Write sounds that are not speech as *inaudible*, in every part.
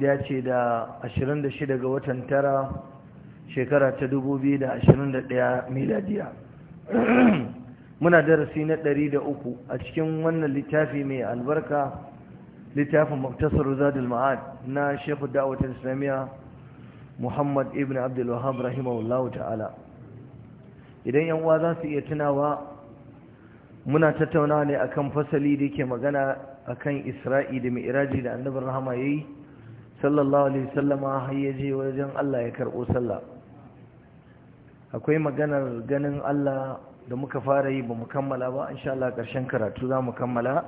ya ce da 26 ga watan tara shekara ta 2021 miladiya muna darasi na 103 a cikin wannan littafi mai albarka littafin muktasar zadul ma'ad na shekhu da'awatar islamiyya muhammad ibn abdul wahab rahimahullahu ta'ala idan yan uwa za su iya tunawa muna tattauna ne akan fasali da yake magana akan isra'i da Ma'iraji da annabar rahama yayi sallallahu alaihi wasallama har ya je wajen Allah ya karbo sallah akwai maganar ganin Allah da muka fara yi ba mu kammala ba insha Allah karshen karatu za mu kammala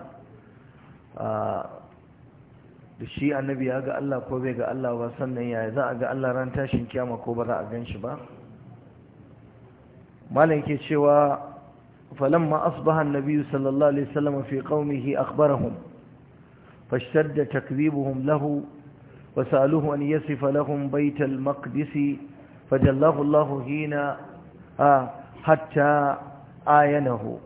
da shi annabi ya ga Allah ko bai ga Allah ba sannan ya za a ga Allah ran tashin kiyama ko ba za a gan shi ba malam yake cewa falamma asbaha annabi sallallahu alaihi wasallam fi qaumihi akhbarahum da takdhibuhum lahu وسألوه أن يصف لهم بيت المقدس فجلاه الله هنا آه، حتى آينه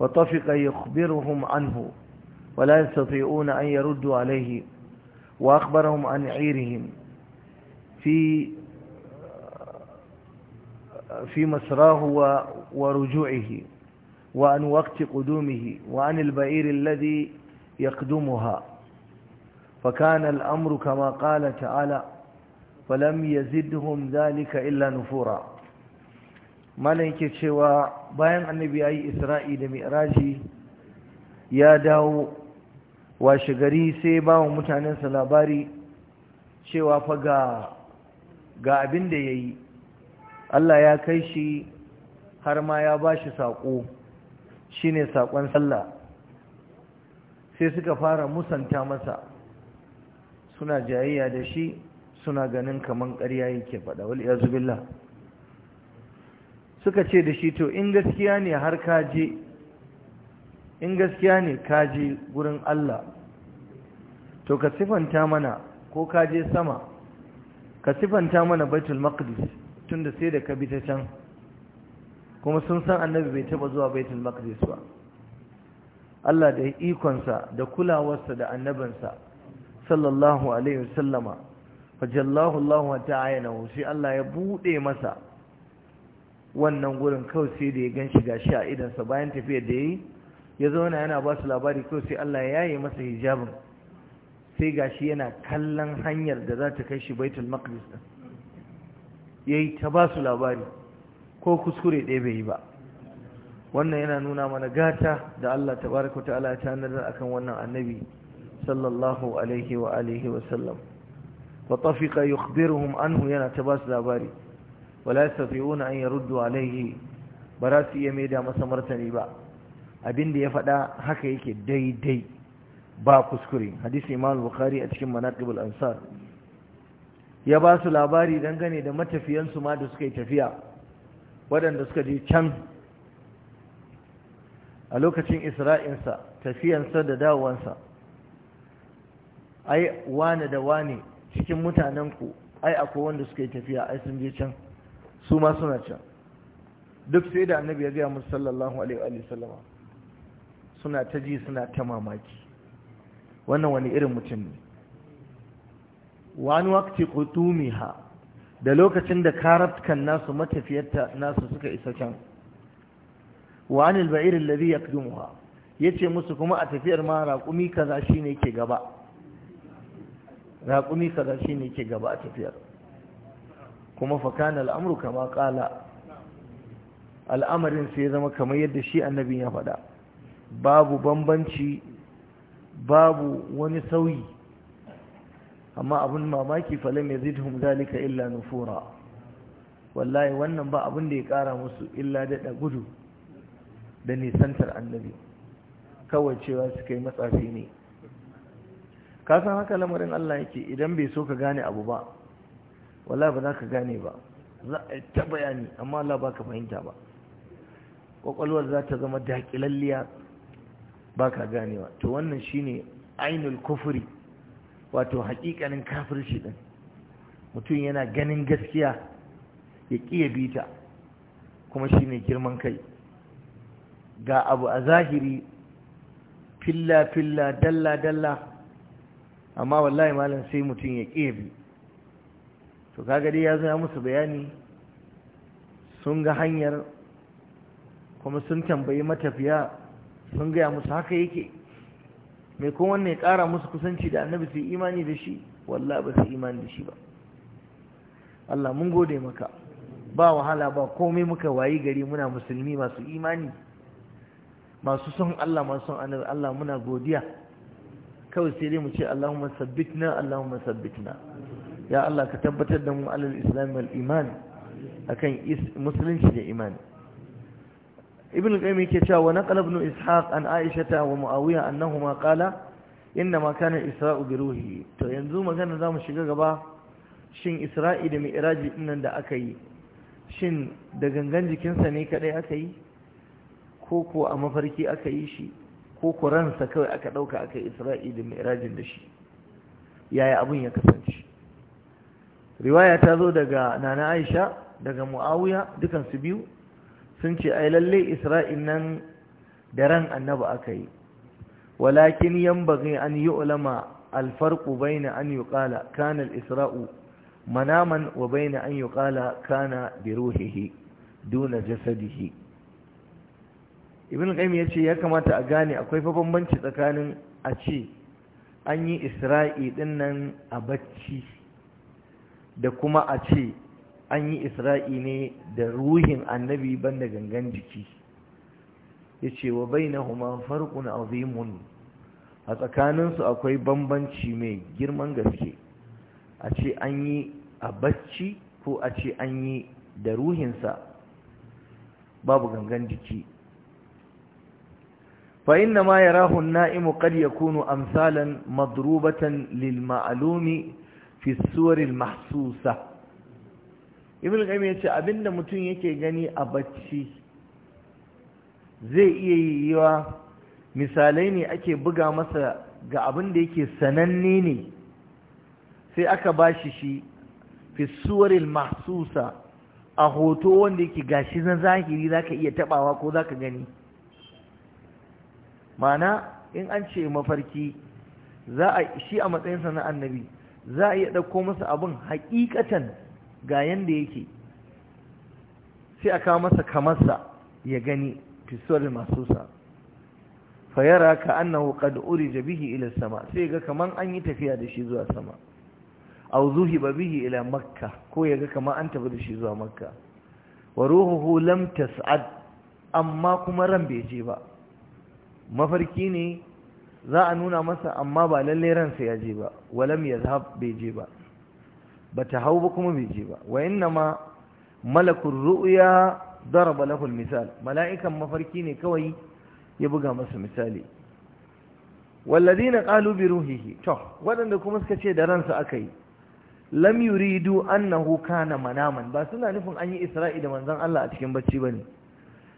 وطفق يخبرهم عنه ولا يستطيعون أن يردوا عليه وأخبرهم عن عيرهم في في مسراه ورجوعه وعن وقت قدومه وعن البعير الذي يقدمها فكان الأمر كما قال تعالى فلم يزدهم ذلك إلا نفورا ملائكة شوى yi النبي أي إسرائيل مئراجي يا داو washegari sai ba wa mutanensa labari cewa fa ga abin da ya yi Allah ya kai shi har ma ya ba shi saƙo shi ne saƙon sallah sai suka fara musanta masa suna jayayya da shi suna ganin kaman ƙarya yake faɗa wal iyazu billah suka ce da shi to in gaskiya ne har je? in gaskiya ne je gurin Allah to ka sifanta mana ko kaje sama ka sifanta mana baitul maqdis tunda sai da ka bi ta can kuma sun san annabi bai taba zuwa baitul maqdis ba Allah da ikonsa da kulawarsa da annabinsa sallallahu alaihi wasallama fajallahu Allah ta'ala sai Allah ya bude masa wannan gurin kawai sai da ya ganshi gashi a idan sa bayan tafiya da yayi ya zauna yana ba su labari kawai sai Allah ya yi masa hijabin sai gashi yana kallon hanyar da za ta kai shi baitul maqdis din yayi ta ba su labari ko kuskure ɗaya bai yi ba wannan yana nuna mana gata da Allah tabaraka ta'ala ya tanar akan wannan annabi صلى الله عليه وآله وسلم وطفق يخبرهم عنه ينتباس لاباري ولا يستطيعون أن يردوا عليه براسي يميدا مسمرتني با أبين دي يفدا حكا يكي دي دي با كسكري حديث إمام البخاري أتكم مناقب الأنصار ya ba su labari dangane da matafiyansu ma da suka yi tafiya waɗanda suka je can a lokacin isra'insa tafiyansa da dawowansa ai wane da wane cikin mutanenku ai akwai wanda suka yi tafiya ai sun je can su ma suna can duk sai da annabi ya gaya musu sallallahu alaihi wa sallama suna ta ji suna ta mamaki wannan wani irin mutum ne wani wakti qutumiha da lokacin da karatkan nasu matafiyarta nasu suka isa can wa anil ba'ir alladhi Ya ce musu kuma a tafiyar ma raƙumi kaza shine ke gaba raƙumi kaza shi ne ke gaba a tafiyar kuma fakan al'amuru kama ƙala al'amarin sai zama kamar yadda shi annabin ya faɗa babu bambanci babu wani sauyi amma abin mamaki falam ya zidhum zalika illa nufura wallahi wannan ba abin da ya ƙara musu illa daɗa gudu da nisantar annabi kawai cewa suka yi matsafi ne ka san haka lamarin Allah yake idan bai so ka gane abu ba wallahi ba za ka gane ba za a ta bayani amma Allah ba ka fahimta ba kwakwalwar za ta zama daƙilalliya ba ka ganewa to wannan shine ainul kufuri wato haƙiƙanin kafirci ɗin mutum yana ganin gaskiya ya kiya bita kuma shine girman kai ga abu a zahiri filla-filla dalla-dalla amma wallahi malam sai mutum ya bi to kaga dai ya zama musu bayani sun ga hanyar kuma sun tambayi matafiya sun gaya musu haka yake mai kuma wannan kara ƙara musu kusanci da annabi su yi imani da shi wallah ba sai imani da shi ba Allah mun gode maka ba wahala ba komai muka wayi gari muna musulmi masu imani masu son Allah masu son annabi Allah muna godiya kawai sai dai mu ce Allahumma sabbitna Allahumma sabbitna ya Allah ka tabbatar da mu alal islam wal iman akan musulunci da imani ibn al-qayyim yake cewa wa naqala ibn ishaq an aisha wa muawiya annahuma qala innama kana isra'u bi ruhi to yanzu magana zamu shiga gaba shin isra'i da mi'raji dinnan da aka yi shin da gangan jikinsa ne kadai aka yi ko ko a mafarki aka yi shi ko kuransa kawai aka ɗauka aka isra'ili mai rajin da shi yaya abun ya kasance riwaya ta zo daga nana aisha daga mu'awiya dukansu biyu sun ce ai lalle isra'il nan da ran annaba aka yi walakin yambaghi an yu'lama alfarqu bayna an yuqala kana al-isra'u manaman wa bayna an yuqala kana bi ruhihi duna jasadihi ibn qayyim yace ya kamata a gane akwai fa bambanci tsakanin a ce an yi isra'i dinnan a bacci da kuma a ce an yi isra'i ne da ruhin annabi banda gangan jiki yace wa bainahuma farqun azimun a tsakanin su akwai bambanci mai girman gaske a ce an yi a bacci ko a ce an yi da ruhinsa babu gangan jiki fa inna ma yarahu an-na'imu qad yakunu amsalan madrubatan lil ma'lumi fi suwar al-mahsusa ibn al-qayyim yace abinda mutum yake gani a bacci zai iya yiwa misalai ne ake buga masa ga abin da yake sananne ne sai aka bashi shi fi suwaril mahsusa a hoto wanda yake gashi na zahiri zaka iya taɓawa ko zaka gani mana in an ce mafarki za a shi a matsayin na annabi za a iya ɗauko masa abin haƙiƙatan ga yanda yake sai a kawo masa kamarsa ya gani fisuwar masusa fayara ka annahu qad urija bihi ila sama sai ga kaman an yi tafiya da shi zuwa sama aw zuhiba bihi ila makka ko ya ga kaman an tafi da shi zuwa makka wa ruhuhu lam tas'ad amma kuma ran bai je ba mafarki ne za a nuna masa amma ba lalle ransa ya je ba walam yazhab bai je ba bata hau ba kuma bai je ba wa inna ma malakul ru'ya daraba lahu misal mala'ikan mafarki ne kawai ya buga masa misali walladina na bi ruhihi to waɗanda kuma suka ce da ransa yi. lam yuridu annahu kana manaman ba suna nufin an yi isra'i da manzon Allah a cikin bacci bane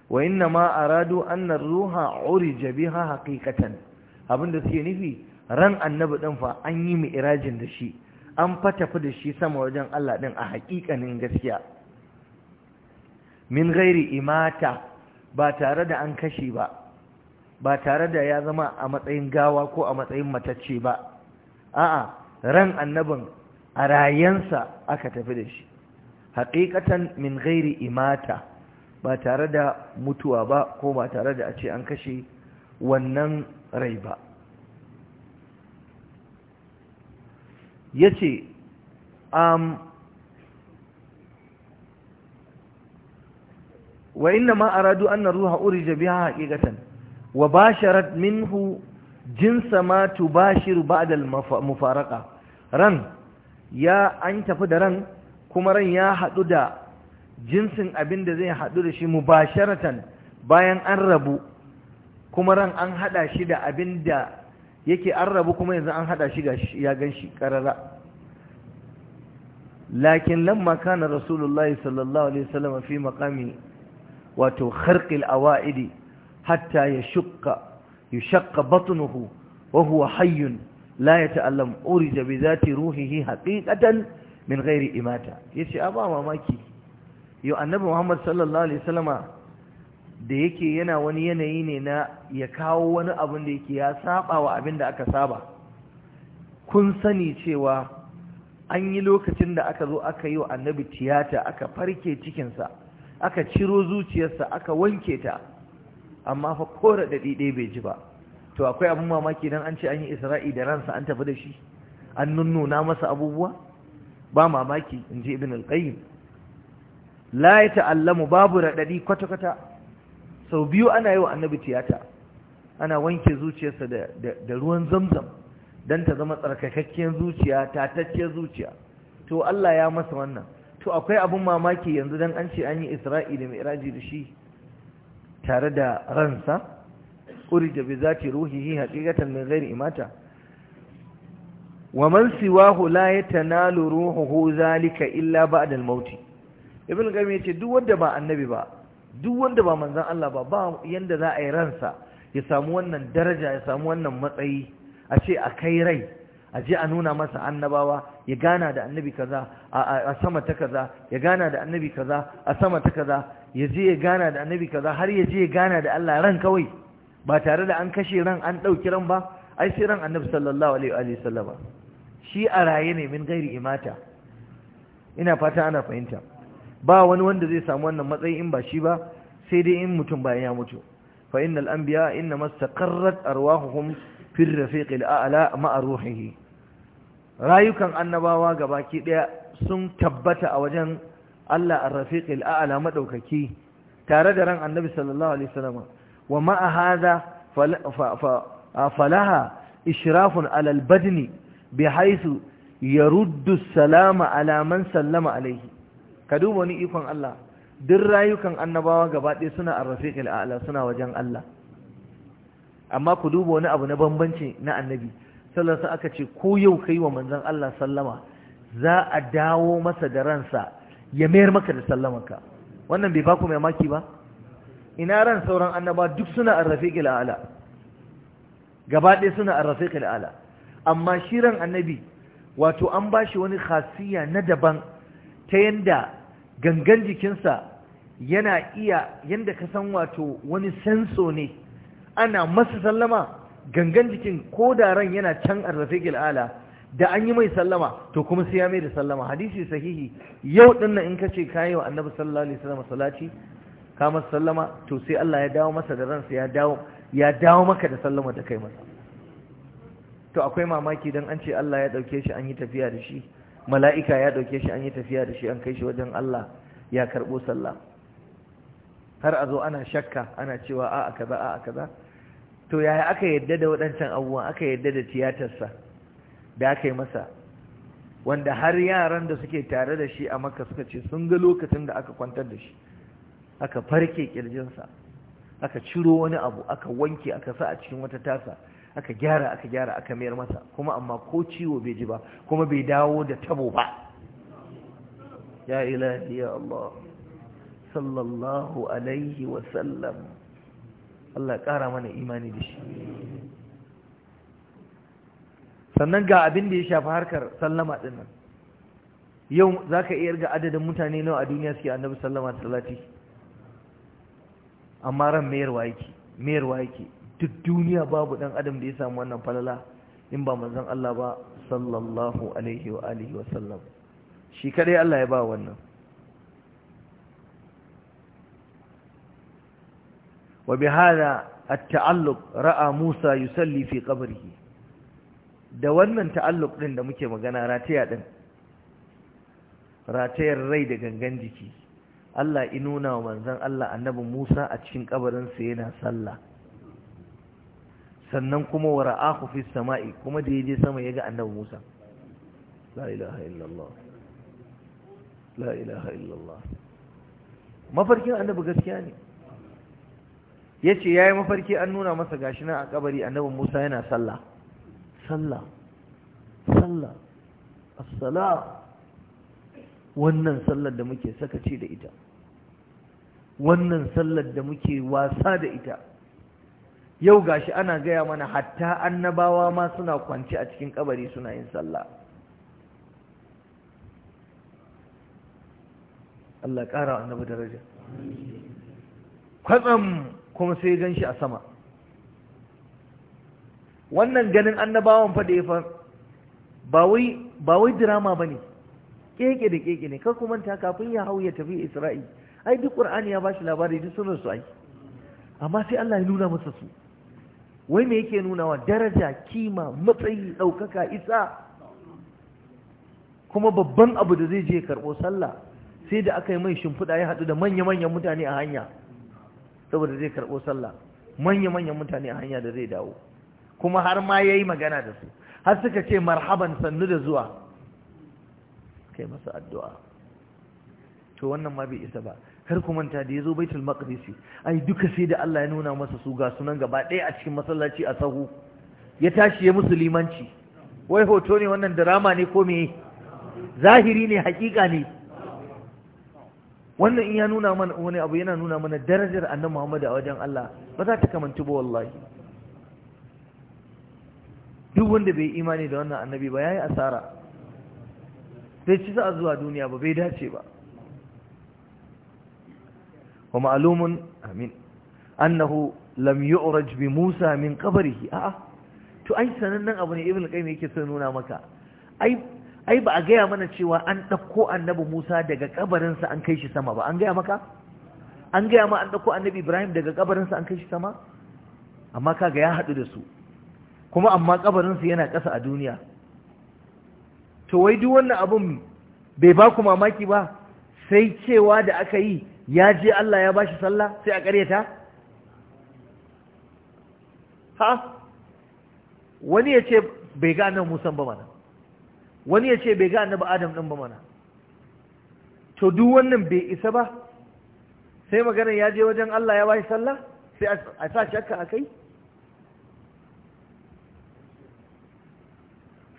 wa inna ma aradu annar ruha urija biha haqiqatan abinda suke nufi ran annabi din fa an yi irajin da shi an fatafi da shi sama wajen Allah din a haƙiƙanin gaskiya min ghairi imata ba tare da an kashe ba ba tare da ya zama a matsayin gawa ko a matsayin matacce ba a'a ran annabin a rayansa aka tafi da shi haƙiƙatan min ghairi imata ba tare da mutuwa ba ko ba tare da a ce an kashe wannan rai ba ya ce um, wa inna ma aradu anna ruha jabi ha haƙiƙatan wa basharat minhu jinsa ma tubashiru ba'da al mafaraka ran ya an tafi da ran kuma ran ya haɗu da jinsin abin da zai haɗu da shi mubasharatan bayan an rabu kuma ran an haɗa shi da abin da yake an rabu kuma yanzu an haɗa shi ya gan shi ƙarara lakin lamma kana rasulullahi sallallahu alaihi wasallam fi maqami wato kharqil awaidi hatta yashqa yashqa batnuhu wa huwa layata la yata'allam urija bi dhati ruhihi haqiqatan min ghairi imata yace ba mamaki yau annabi muhammad sallallahu alaihi wasallama da yake yana wani yanayi ne na ya kawo wani abin da yake ya saba wa abin da aka saba kun sani cewa an yi lokacin da aka zo aka yi wa annabi tiyata aka farke cikinsa aka ciro zuciyarsa aka wanke ta amma fa kora da ɗiɗe bai ji ba to akwai abin mamaki don an ce an yi isra'i da ransa an tafi da shi an nunnuna masa abubuwa ba mamaki in ji ibn al la ya ta'allamu babu raɗaɗi kwata-kwata sau biyu ana yi wa annabi tiyata ana wanke zuciyarsa da ruwan zamzam don ta zama tsarkakakken zuciya tatacciyar zuciya to Allah ya masa wannan to akwai abin mamaki yanzu don an ce an yi isra'ila mai iraji da shi tare da ransa urija bi ruhi ruhihi haqiqatan mai ghairi imata wa man siwahu la yatanalu ruhuhu zalika illa ba'dal mauti ibn ya ce duk wanda ba annabi ba duk wanda ba manzan Allah ba ba yanda za a yi ransa ya samu wannan daraja ya samu wannan matsayi a ce a kai rai a je a nuna masa annabawa ya gana da annabi kaza a sama ta kaza ya gana da annabi kaza a sama ta kaza ya je ya gana da annabi kaza har ya je ya gana da Allah ran kawai ba tare da an kashe ran an ɗauki ran ba ai sai ran annabi sallallahu alaihi wa sallama shi a raye ne min gairi imata ina fata ana fahimta ba wani wanda zai samu wannan matsayi in ba shi ba sai dai in mutum bayan ya mutu fa innal anbiya innama istaqarrat arwahuhum fi rafiqil a'la ma'a ruhihi rayukan annabawa gabaki daya sun tabbata a wajen Allah ar-rafiqil a'la madaukaki tare da ran annabi sallallahu alaihi wasallam wa ma hadha falaha ishrafun ala al-badni bihaythu yaruddu as-salama ala man sallama alayhi ka duba wani ikon Allah duk rayukan annabawa gaba ɗaya suna arrafiqil a'la suna wajen Allah amma ku duba wani abu na bambanci na annabi sallallahu aka ce ko yau kai wa manzon Allah sallama za a dawo masa da ransa ya mayar maka da sallamanka wannan bai baku mai maki ba ina ran sauran annaba duk suna arrafiqil a'la gaba ɗaya suna arrafiqil a'la amma shi ran annabi wato an bashi wani khasiya na daban ta yanda gangan jikinsa yana iya yadda ka san wato wani senso ne ana masa sallama gangan jikin ko da ran yana can a arrafiqil gil'ala da an yi mai sallama to kuma sai ya mai da sallama hadisi sahihi yau dinnan in ka ce kayi wa annabi sallallahu alaihi wasallam salati ka masa sallama to sai Allah ya dawo masa da ransa ya dawo ya dawo maka da sallama da kai masa to akwai mamaki dan an ce Allah ya dauke shi an yi tafiya da shi mala'ika ya ɗauke shi an yi tafiya da shi an kai shi wajen Allah ya karbo sallah har a zo ana shakka ana cewa a'a kaza a'a kaza to yaya aka yadda da waɗancan abubuwan aka yadda da tiyatarsa da aka yi masa wanda har yaran da suke tare da shi a maka suka ce sun ga lokacin da aka kwantar da shi aka farke kirjinsa aka ciro wani abu aka wanke aka sa a cikin wata tasa aka gyara aka gyara aka mayar masa kuma amma ko ciwo bai ji ba kuma bai dawo da tabo ba ya ilahi ya Allah sallallahu alaihi wa sallam Allah ƙara mana imani da shi sannan ga abin da ya shafi harkar sallama din nan yau za ka iya ga adadin mutane nawa a duniya suke annabi sallama salati amma ran mayarwa yake mayarwa yake duk duniya babu ɗan adam da ya samu wannan falala in ba manzon Allah ba sallallahu alaihi wa alihi wa sallam shi kadai Allah ya ba wannan wa bi hada at-ta'alluq ra'a Musa yusalli fi qabrihi da wannan ta'alluq din da muke magana rataya din ratayar rai da gangan jiki Allah inuna wa manzon Allah annabi Musa a cikin kabarin sa yana sallah sannan kuma wa ra'ahu fi sama'i kuma da yaje sama yaga annabi Musa la ilaha illallah la ilaha illallah mafarkin annabi gaskiya ne yace yayi mafarki an nuna masa gashi nan a kabari annabi Musa yana sallah sallah sallah as-sala wannan sallar da muke sakaci da ita wannan sallar da muke wasa da ita yau gashi ana gaya mana hatta annabawa ma suna kwance a cikin kabari suna yin sallah Allah ƙara annabi daraja kwatsam kuma sai gan shi a sama wannan ganin annabawan fa da ya fa ba wai dirama ba ne keke da keke ne kuma manta kafin ya hau ya tafi isra'i ai duk ƙur'ani ya ba shi labari duk sunan su ai amma sai Allah ya nuna masa su wai me yake nunawa daraja kima matsayi ɗaukaka isa kuma babban abu da zai je karɓo sallah sai da aka yi mai shimfiɗa ya haɗu da manya-manyan mutane a hanya saboda zai karɓo sallah manya-manyan mutane a hanya da zai dawo kuma har ma ya yi magana da su har suka ce marhaban sannu da zuwa kai masa addu'a to wannan ma bai isa ba kar ku manta da yazo baitul maqdisi ai duka sai da Allah ya nuna masa su ga sunan gaba ɗaya a cikin masallaci a sahu ya tashi ya musulmanci wai hoto ne wannan drama ne ko me zahiri ne hakika ne wannan in ya nuna mana wani abu yana nuna mana darajar annabi Muhammad a wajen Allah ba za ta kamanta ba wallahi duk wanda bai imani da wannan annabi ba yayi asara bai ci sa zuwa duniya ba bai dace ba wa ma'alumun amin annahu lam yu'raj bi Musa min qabrihi a'a to ai sanannen abu ne ibn qayyim yake son nuna maka ai ba a gaya mana cewa an ɗauko annabi Musa daga kabarinsa an kai shi sama ba an gaya maka an gaya ma an ɗauko annabi Ibrahim daga kabarinsa an kai shi sama amma kaga ya haɗu da su kuma amma kabarinsa yana ƙasa a duniya to wai duk wannan abun bai baku mamaki ba sai cewa da aka yi ya je Allah ya bashi sallah sai a ƙaryata ha wani ya ce bai ga annabi musan ba mana wani ya ce bai ga annabi adam ɗin ba mana to duk wannan bai isa ba sai maganar ya je wajen Allah ya bashi sallah sai a sa shakka a kai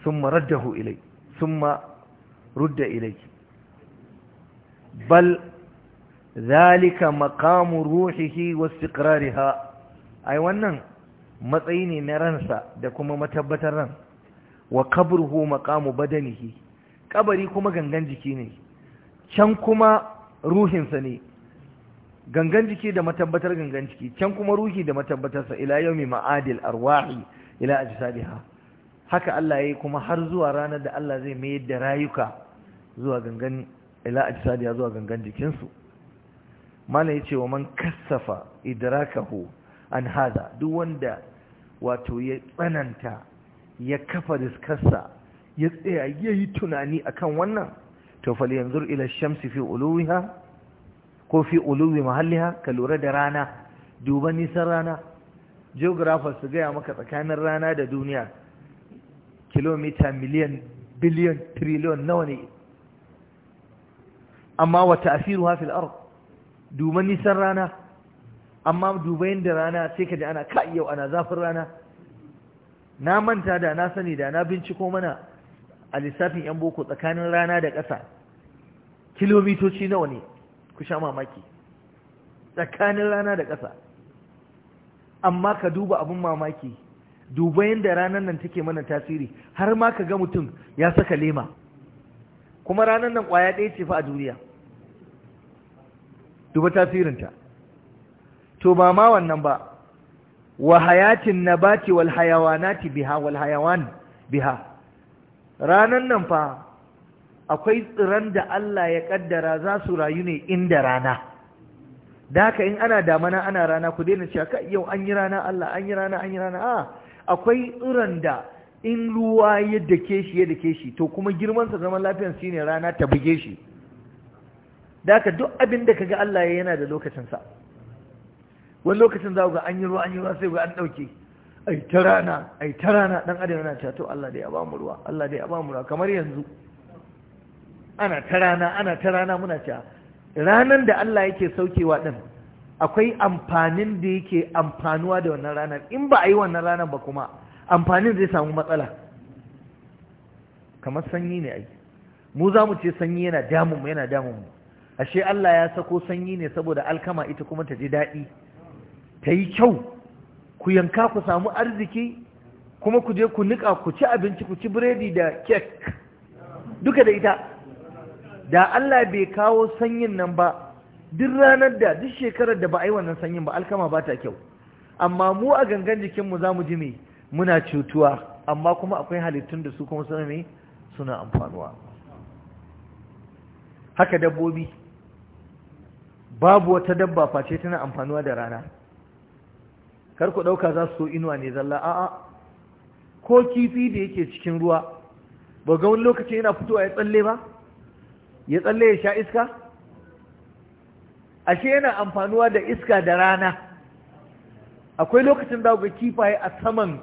Sun ثم رده sun marar da ilai bal. zalika maqamu ruhihi wastiqrariha ai wannan matsayi ne na ransa da kuma matabbatar ran wa qabruhu maqamu badanihi kabari kuma gangan jiki ne can kuma ruhinsa ne gangan jiki da matabbatar gangan jiki can kuma ruhi da matabbatar sa. ila yawmi ma'adil arwahi ila ajsadiha haka Allah yayi kuma har zuwa ranar da Allah zai mayar da rayuka zuwa gangan ila ajsadiha zuwa gangan jikinsu mala yace wa man kassafa idrakahu an hada duk wanda wato ya tsananta ya kafa riskarsa ya tsaya yayi tunani akan wannan to fal yanzur ila shamsi fi uluwiha ko fi uluwi mahalliha ka lura da rana duba nisan rana geographers su gaya maka tsakanin rana da duniya kilomita miliyan biliyan triliyon nawa ne amma wata asiru hafi al'arku duba nisan rana amma duba yadda rana sai ka ji ana ka yau ana zafin rana na manta da na sani da na binciko mana a lissafin yan boko tsakanin rana da ƙasa kilomitoci nawa ne ku sha mamaki tsakanin rana da ƙasa amma ka duba abin mamaki duba yadda ranar nan take mana tasiri har ma ka ga mutum ya saka lema kuma ranar nan ƙwaya ɗaya ce fa a duniya duba tasirinta to ba ma wannan ba wa hayatin nabati wal hayawanati biha wal hayawan biha ranan nan fa akwai tsiran da Allah ya kaddara za su rayu ne inda rana da haka in ana damana ana rana ku daina cewa kai yau an yi rana Allah an yi rana an yi rana a akwai tsiran da in ruwa ya dake shi ya dake shi to kuma girman sa zaman lafiyar shine rana ta buge shi da aka duk abin da kaga Allah ya yana da lokacinsa wani lokacin za ga an yi ruwa an yi ruwa sai ga an ɗauke ai ta rana ai ta rana ɗan adam yana cato Allah da ya ba mu ruwa Allah da ya ba mu ruwa kamar yanzu ana ta rana ana ta rana muna cewa ranan da Allah yake saukewa din akwai amfanin da yake amfanuwa da wannan ranar in ba a yi wannan ranar ba kuma amfanin zai samu matsala kamar sanyi ne ai mu za mu ce sanyi yana damun mu yana damun mu ashe Allah ya sako sanyi ne saboda alkama ita kuma ta ji daɗi ta yi kyau ku yanka ku samu arziki kuma ku je ku niƙa ku ci abinci ku ci biredi da kek duka da ita da Allah bai kawo sanyin nan ba duk ranar da duk shekarar da ba a yi wannan sanyin ba alkama ba ta kyau amma mu a gangan jikinmu za mu ji me muna cutuwa amma kuma akwai halittun da su kuma suna ne suna amfanuwa haka dabbobi babu wata dabba face tana amfanuwa da rana kar ku ɗauka za su so inuwa ne zalla a'a ko kifi da yake cikin ruwa ba ga wani lokaci yana fitowa ya tsalle ba ya tsalle ya sha iska ashe yana amfanuwa da iska da rana akwai lokacin da ga kifaye a saman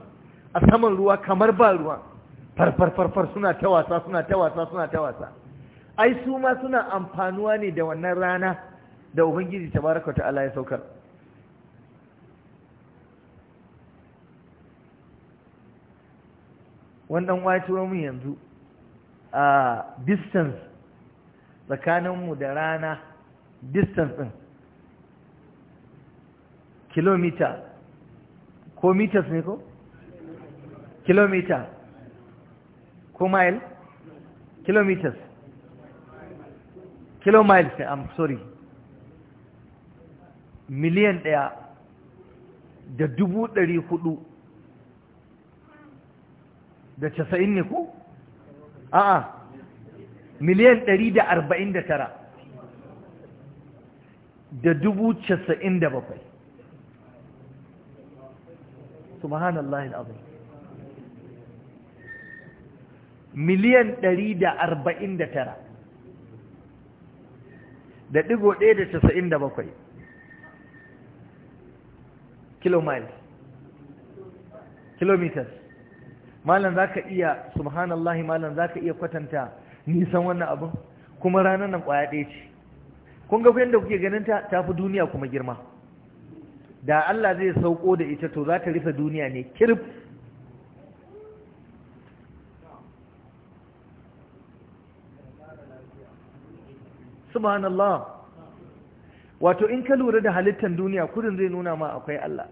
a saman ruwa kamar ba ruwa farfar farfar suna ta wasa suna ta wasa suna ta wasa ai su ma suna amfanuwa ne da wannan rana da ubangiji ta Allah ya saukar wannan wato mu yanzu a distance tsakaninmu da rana distance ɗin kilomita ko meters ne ko? kilomita ko mile? kilometers kilomiles am sorry miliyan ɗaya da dubu ɗari hudu da casa'in ne ku? a'a miliyan ɗari da arba'in da tara da dubu casa'in da bakwai subhanallah al'adun miliyan ɗari da arba'in da tara da ɗigo ɗaya da casa'in da bakwai kilo mile kilometers malam zaka iya subhanallahi malam za iya kwatanta nisan wannan abin kuma ranar nan kwaya ɗaya ce kun ga yadda kuke ganin ta tafi duniya kuma girma da Allah zai sauko da ita to za ta rufe duniya ne kirif subhanallah wato in ka lura da halittar duniya kudin zai nuna ma akwai Allah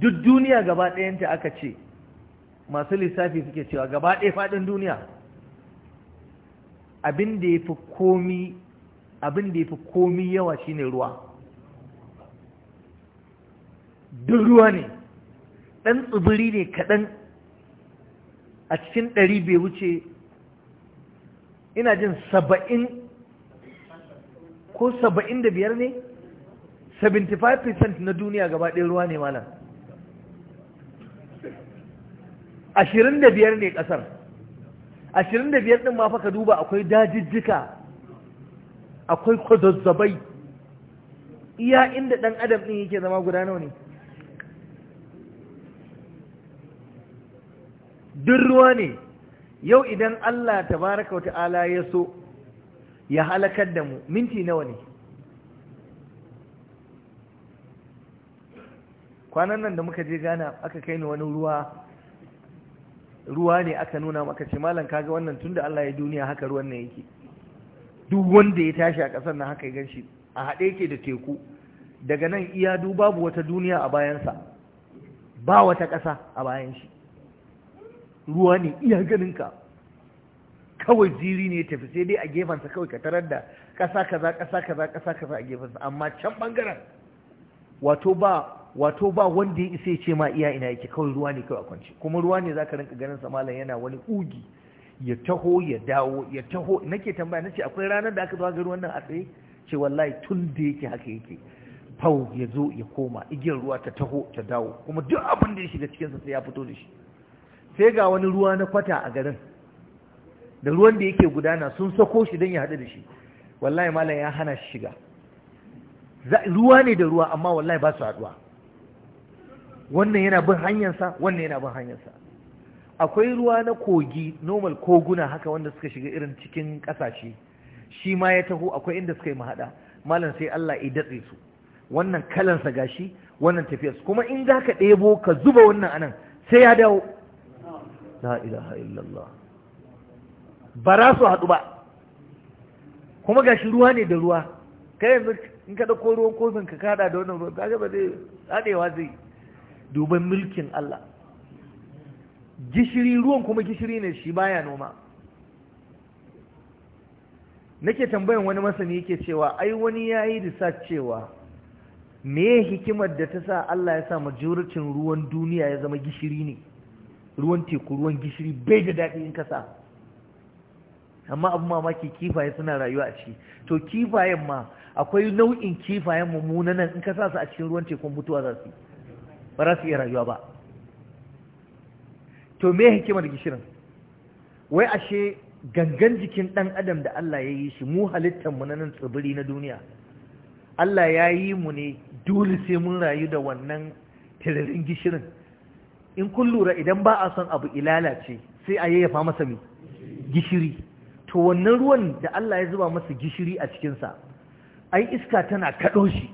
duk duniya gaba ɗayanta aka ce masu lissafi suke cewa gaba ɗaya faɗin duniya abin da ya fi komi yawa shi ne yawa shine ruwa duk ruwa ne ɗan tsibiri ne kaɗan a cikin ɗari bai wuce ina jin saba'in ko 75 ne 75% na duniya gaba ɗin ruwa ne malam 25 ne ƙasar 25 ɗin ma fa duba akwai dajijjika akwai kwazazzabai iya inda ɗan adam ɗin yake zama guda nawa ne duk ruwa ne yau idan Allah ta wata ala ya so ya halakar da mu minti nawa ne kwanan nan da muka je gana aka kai ni wani ruwa ruwa ne aka nuna maka ce malam kaga wannan tunda Allah ya duniya haka ruwan nan yake duk wanda ya tashi a kasar nan haka ya ganshi a haɗe yake da teku daga nan iya babu wata duniya a bayansa ba wata ƙasa a bayan shi ruwa ne iya ganinka kawai ziri ne ya tafi sai dai a gefensa kawai ka tarar da ƙasa kaza ƙasa kaza ƙasa kaza a gefensa amma can ɓangaren wato ba wato ba wanda ya isa ya ce ma iya ina yake kawai ruwa ne kawai a kwance kuma ruwa ne za ka rinka ganin malam yana wani ƙugi ya taho ya dawo ya taho nake tambaya nace akwai ranar da aka zo ga ruwan nan a tsaye ce wallahi tun da yake haka yake fau ya zo ya koma igiyar ruwa ta taho ta dawo kuma duk abin da ya shiga cikinsa sai ya fito da shi sai ga wani ruwa na kwata a garin da ruwan da yake gudana sun sako shi don ya haɗu da shi wallahi malam ya hana shi shiga ruwa ne da ruwa amma wallahi ba su haɗuwa wannan yana bin hanyarsa wannan yana bin hanyarsa akwai ruwa na kogi normal koguna haka wanda suka shiga irin cikin ƙasashe shi ma ya taho akwai inda suka yi mahaɗa malam sai Allah ya datse su wannan kalansa gashi wannan tafiyar kuma in za ka ɗebo ka zuba wannan anan sai ya dawo la ilaha illallah ba za su haɗu ba kuma ga shi ruwa ne da ruwa kai yanzu in ka ɗauko ruwan kofin ka kada da wannan ruwan kaga ba zai haɗewa zai duban mulkin Allah gishiri ruwan kuma gishiri ne shi baya noma nake tambayan wani masani yake cewa ai wani ya yi risa cewa me hikimar da ta sa Allah ya sa majoricin ruwan duniya ya zama gishiri ne ruwan teku ruwan gishiri bai da daɗi in ka sa amma abu mamaki kifaye suna rayuwa a ciki to kifayen ma akwai nau'in kifayen mummunan nan in ka sa su a cikin ruwan tekun mutuwa za su ba za su iya rayuwa ba to me hikimar gishirin wai ashe gangan jikin ɗan adam da Allah ya yi shi mu halittar mu na nan tsibiri na duniya Allah ya yi mu ne dole sai mun rayu da wannan tirarin gishirin in kun lura idan ba a son abu ilalace sai a yayyafa masa mai gishiri to wannan ruwan da Allah ya zuba masa gishiri a cikinsa ai iska tana kaɗo shi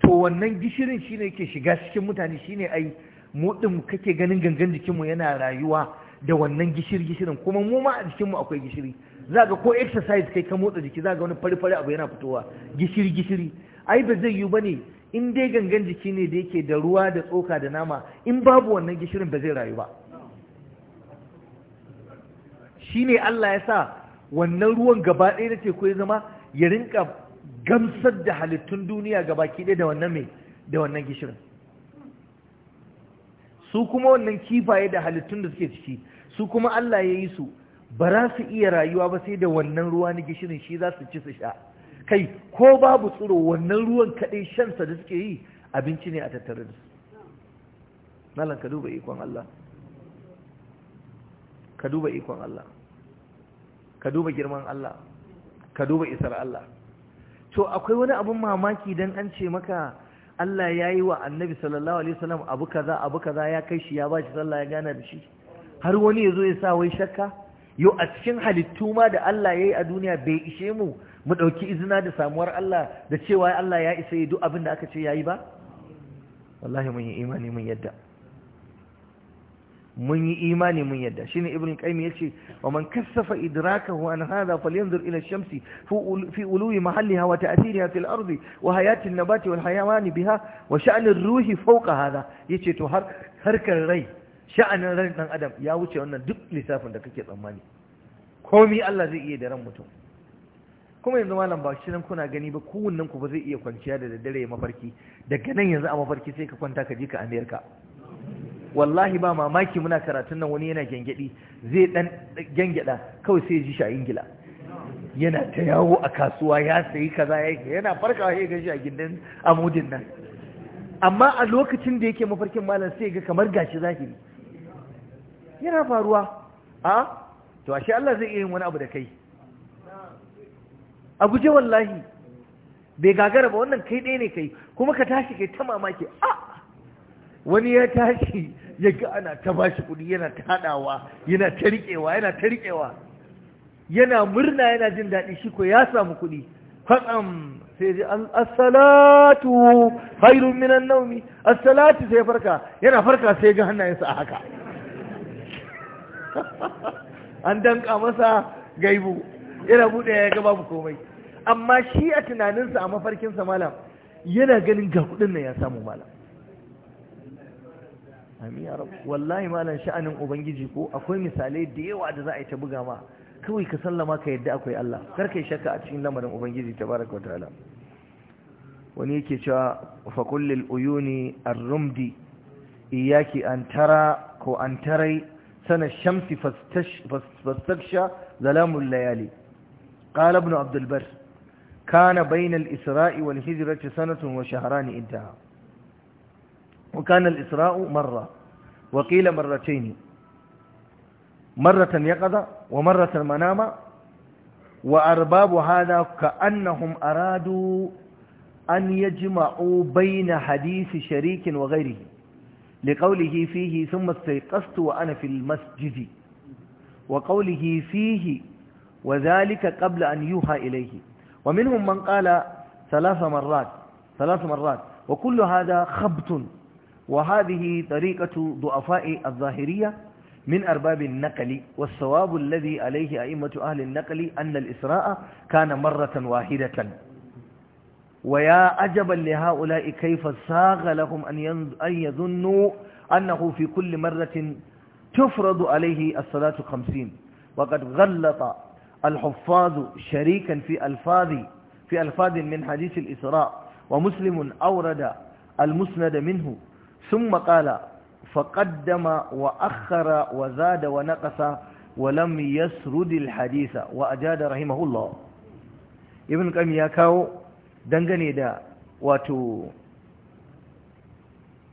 to wannan gishirin shine yake shiga cikin mutane shine ai mu kake ganin gangan jikinmu yana rayuwa da wannan gishiri gishirin kuma mu ma a jikinmu akwai gishiri za ga ko exercise kai ka motsa jiki za ga wani fari-fari abu yana fitowa gishiri gishiri ai ba zai yiwu ba ne in dai gangan jiki ne da yake da ruwa da tsoka da nama in babu wannan gishirin ba zai rayu ba shi ne Allah ya sa wannan ruwan gaba ɗaya na teku ya zama ya rinka gamsar da halittun duniya gaba ɗaya da wannan mai da wannan gishirin su kuma wannan kifaye da halittun da suke ciki su kuma Allah ya yi su ba za su iya rayuwa ba sai da wannan ruwa na gishirin shi za su ci su sha kai ko babu tsoro wannan ruwan kaɗai shansa da suke yi abinci ne a tattare da su ka duba ikon Allah ka duba ikon Allah ka duba girman Allah ka duba isar Allah to akwai wani abun mamaki dan an ce maka Allah ya yi wa annabi sallallahu alaihi wasallam abu kaza abu kaza ya kai shi ya ba shi sallah ya gana da shi har wani ya zo ya sa wai shakka yau a cikin halittu ma da Allah ya yi a duniya bai ishe mu mu ɗauki izina da samuwar Allah da cewa Allah ya isa yi duk abin da aka ce ya yi ba wallahi mun yi imani mun yadda mun yi imani mun yadda shine ibn ya ce, wa man kassafa idrakahu an hadha falyanzur ila shamsi fi mahalli hawa wa ta'thiriha fil ardi wa na an-nabati wal hayawani biha wa sha'anin ruhi, ruhi fawqa Ya yace to harkar rai sha'anin rai dan adam ya wuce wannan duk lissafin da kake tsammani komai Allah zai iya da ran mutum kuma yanzu malam ba shi nan kuna gani ba kowannen ku ba zai iya kwanciya da daddare mafarki daga nan yanzu a mafarki sai ka kwanta ka je ka Amerika wallahi ba mamaki muna karatun nan wani yana gyangyaɗi zai ɗan gyangyaɗa kawai sai ji shi a ingila yana ta yawo a kasuwa ya sayi kaza yi yana farkawa ya gashi a gindin amudin nan amma a lokacin da yake mafarkin malam sai ga kamar gashi zahiri yana faruwa a to ashe Allah zai iya yin wani abu da kai a guje wallahi bai gagara ba wannan kai ɗaya ne kai kuma ka tashi kai ta mamaki a wani ya tashi ya ga ana ta bashi kuɗi yana ta haɗawa yana ta riƙewa yana ta riƙewa yana murna yana jin daɗi shi ko ya samu kuɗi faɗan sai ji assalatu khairun minan naumi assalatu sai farka yana farka sai ga hannayensa a haka *laughs* an danka masa gaibu yana buɗe ya ga babu komai amma shi a tunaninsa a mafarkinsa malam yana ganin ga kudin nan ya samu malam wallahi malam sha'anin ubangiji ko akwai misalai da yawa da za a yi ta buga ma kawai ka sallama ka yadda akwai Allah kar yi shakka a cikin lamarin ubangiji tabaraka wa ta'ala wani yake cewa fa kullil uyuni ar-rumdi iyaki an tara ko an tarai sana shamsi fastaksha zalamul layali qala ibn bar kana bayna al-isra'i wal hijrati sanatun wa shahran intaha وكان الإسراء مرة وقيل مرتين مرة يقظة ومرة المنام وأرباب هذا كأنهم أرادوا أن يجمعوا بين حديث شريك وغيره لقوله فيه ثم استيقظت وأنا في المسجد وقوله فيه وذلك قبل أن يوحى إليه ومنهم من قال ثلاث مرات ثلاث مرات وكل هذا خبط وهذه طريقة ضعفاء الظاهرية من أرباب النقل والصواب الذي عليه أئمة أهل النقل أن الإسراء كان مرة واحدة ويا أجبا لهؤلاء كيف ساغ لهم أن يظنوا أنه في كل مرة تفرض عليه الصلاة خمسين وقد غلط الحفاظ شريكا في ألفاظ في ألفاظ من حديث الإسراء ومسلم أورد المسند منه sun maƙala faƙaddama wa akhara wa zada wa naƙasa wa lam yasrudil hadisa wa ajada rahimahullah ibn qayyim ya kawo dangane da wato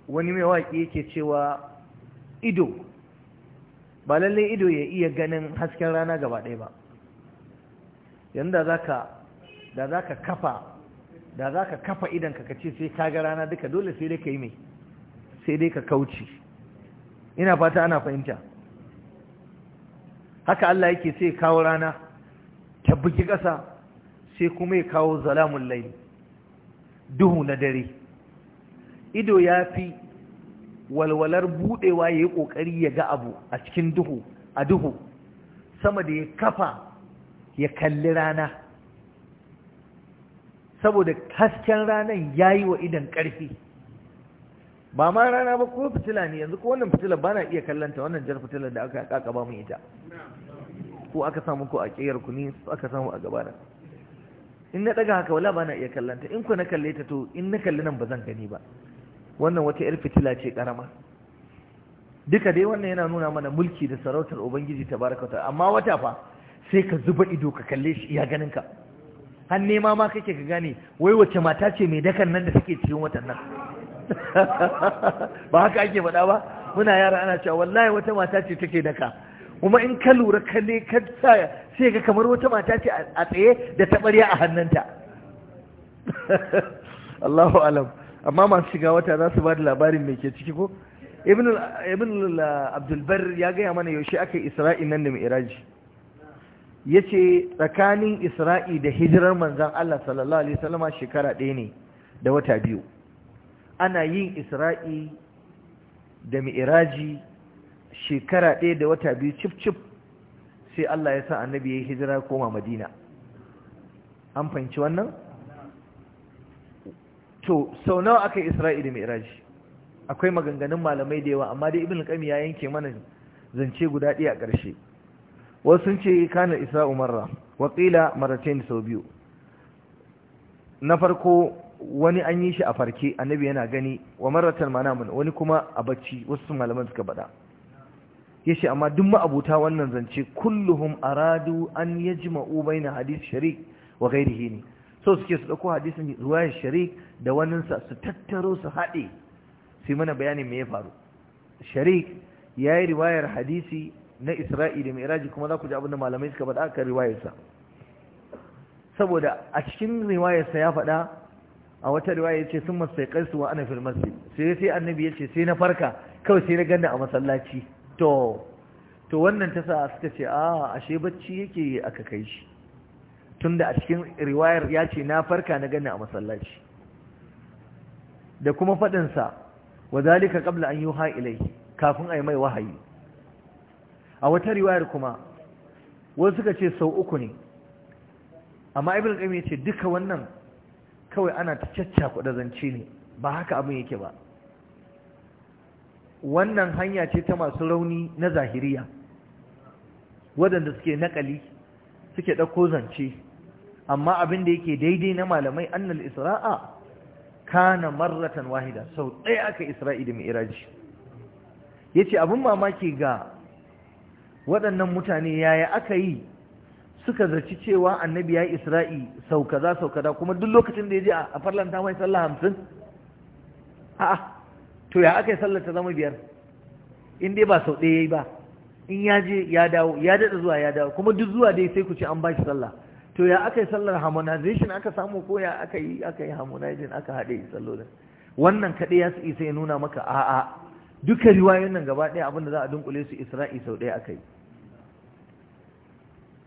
wani mai waƙi yake cewa ido ba lalle ido ya iya ganin hasken rana gaba ɗaya ba yanda da za ka kafa da za ka ce sai ka ga rana duka dole sai dai ka yi mai sai dai ka kauce ina fata ana fahimta haka Allah yake sai kawo rana ta buki ƙasa sai kuma ya kawo zalamun laili duhu na dare ido ya fi walwalar buɗewa ya yi ƙoƙari ya ga abu a cikin duhu a duhu sama da ya kafa ya kalli rana saboda hasken ranar ya yi wa idan ƙarfi ba ma rana ba ko fitila ne yanzu ko wannan fitilar ba na iya kallanta wannan jar fitilar da aka kaka ba mu ita ko aka samu ko a kiyar ku ne aka samu a gabana in na daga haka wala ba na iya kallanta in ku na kalle ta to in na kalli nan ba zan gani ba wannan wata yar fitila ce karama duka dai wannan yana nuna mana mulki da sarautar ubangiji tabaraka ta amma wata fa sai ka zuba ido ka kalle shi iya ganin ka har nema ma kake ka gane wai wace mata ce mai dakan nan da take cikin watan nan *laughs* ba haka ake faɗa ba muna yara ana cewa wallahi wata mata ce take daka kuma in ka lura ka ne ka sai ga kamar wata mata ce a tsaye da tabarya a hannunta *laughs* Allahu alam amma masu shiga wata za su ba da labarin mai ke ciki ko ibn abdulbar ya gaya mana yaushe aka yi isra'i nan da mi'iraji ya ce tsakanin isra'i da hijirar manzan Allah sallallahu alaihi wasallama shekara ɗaya ne da wata biyu ana yin isra'i da mi'iraji shekara ɗaya da wata biyu cif-cif sai Allah ya sa annabi ya yi hijira koma madina an fahimci wannan? to sau nawa aka yi isra'i da mi'iraji akwai maganganun malamai da yawa amma dai ibn kami ya yanke mana zance guda ɗaya a ƙarshe wasu sun ce kanar isra'u marra Wakila maratain sau biyu na farko wani an yi shi a farke annabi yana gani wa mana mun wani kuma a bacci wasu malaman suka bada yace amma duk ma'abuta wannan zance kulluhum aradu an yajma'u baina hadith sharik wa ghairihi ne so suke su dauko hadisin riwayar sharik da wannan sa su tattaro su haɗe su mana bayani me ya faru sharik yayi riwayar hadisi na Isra'i da Mi'raji kuma za ku ji abin da malamai suka faɗa kan riwayarsa saboda a cikin riwayarsa ya faɗa a wata riwaya yace sun mastaqaisu wa ana fil masjid sai sai annabi yace sai na farka kawai sai na ganna a masallaci to to wannan ta sa suka ce a ashe bacci yake aka kai shi tunda a cikin riwayar yace ce na farka na ganna a masallaci da kuma faɗinsa wa zalika qabla an yuha ilayhi kafin ayi mai wahayi a wata riwayar kuma wasu suka ce sau uku ne amma ibnu qayyim yace duka wannan kawai ana ta caccakuɗa zance ne ba haka abin yake ba wannan hanya ce ta masu rauni na zahiriya waɗanda suke nakali, suke ɗauko zance amma abin da yake daidai na malamai annal isra'a kana marratan wahida sau ɗaya aka isra'i da mi'iraji ya ce abin mamaki ga waɗannan mutane yaya aka yi suka zaci cewa annabi ya isra'i sau kaza sau kaza kuma duk lokacin da ya je a farlanta mai sallah hamsin a'a to ya aka yi sallar ta zama biyar in dai ba sau ɗaya yi ba in ya je ya dawo ya daɗa zuwa ya dawo kuma duk zuwa dai sai ku ce an ba shi sallah to ya aka yi sallar harmonization aka samu ko ya aka yi aka yi harmonizing aka haɗe sallolin wannan kaɗai ya su isa ya nuna maka a'a duka riwayoyin nan gaba ɗaya abinda za a dunkule su isra'i sau ɗaya aka yi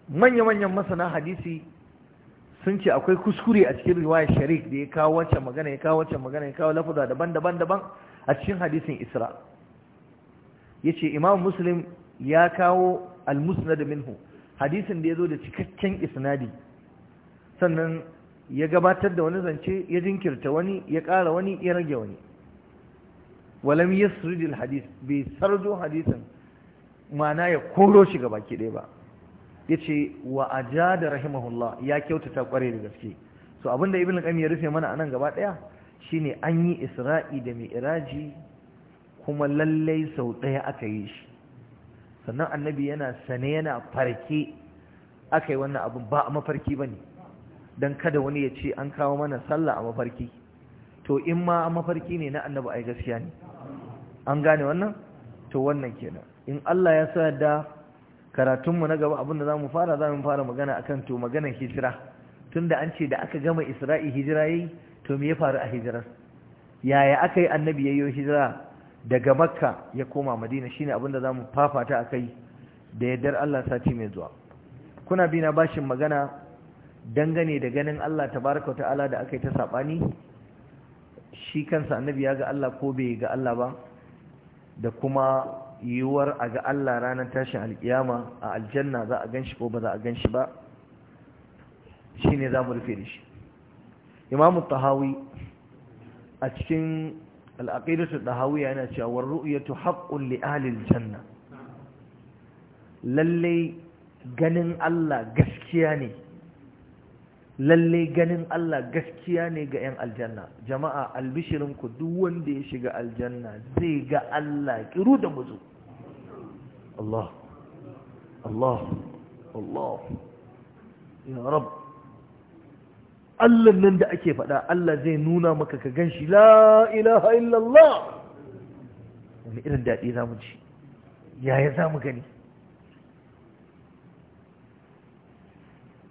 manya-manyan masana hadisi sun ce akwai kuskure a cikin riwaya sharik da ya kawo wacce magana ya kawo wacce magana ya kawo lafuza daban-daban daban a cikin hadisin isra ya ce imam muslim ya kawo almusna da minhu hadisin da ya zo da cikakken isnadi sannan ya gabatar da wani zance ya jinkirta wani ya ƙara wani ya rage wani walam yasridil hadis bai sarjo hadisin ma'ana ya koro shi ga baki ɗaya ba yace wa ajada rahimahullah ya kyautata kware da gaske so abinda ibnu qayyim ya rufe mana anan gaba daya shine an yi isra'i da mi'raji kuma lallai sau daya aka yi shi sannan annabi yana sane yana farke aka yi wannan abin ba a mafarki bane dan kada wani ya ce an kawo mana sallah a mafarki to in ma a mafarki ne na annabi ai gaskiya ne an gane wannan to wannan kenan in Allah ya sa da karatunmu na gaba abinda za mu fara za mu fara magana akan to maganar hijira tunda an ce da aka gama isra'i hijira yi, to me ya faru a hijirar yaya aka yi annabi yayyo hijira daga makka ya koma madina shine abinda za mu fafata a kai da yardar Allah sati mai zuwa kuna bi na bashin magana dangane da ganin Allah tabaraka ta'ala da aka yi ta saɓani? shi kansa annabi ya ga Allah ko bai ga Allah ba da kuma yiwuwar a ga Allah ranar tashin alkiyama a aljanna za a gan shi ko ba za a gan shi ba shi ne za mu rufe da shi imamu tahawi a cikin al'aƙidatu tahawi yana cewa war ru'yatu haƙƙun li janna. Lallai lalle ganin Allah gaskiya ne lalle ganin Allah gaskiya ne ga 'yan aljanna jama'a albishirinku duk wanda ya shiga aljanna zai ga Allah kiru da muzu الله الله الله ya rab Allah nan da ake faɗa Allah zai nuna maka ka ganshi, shi la ilaha illallah wani irin daɗi za mu ci yaya za mu gani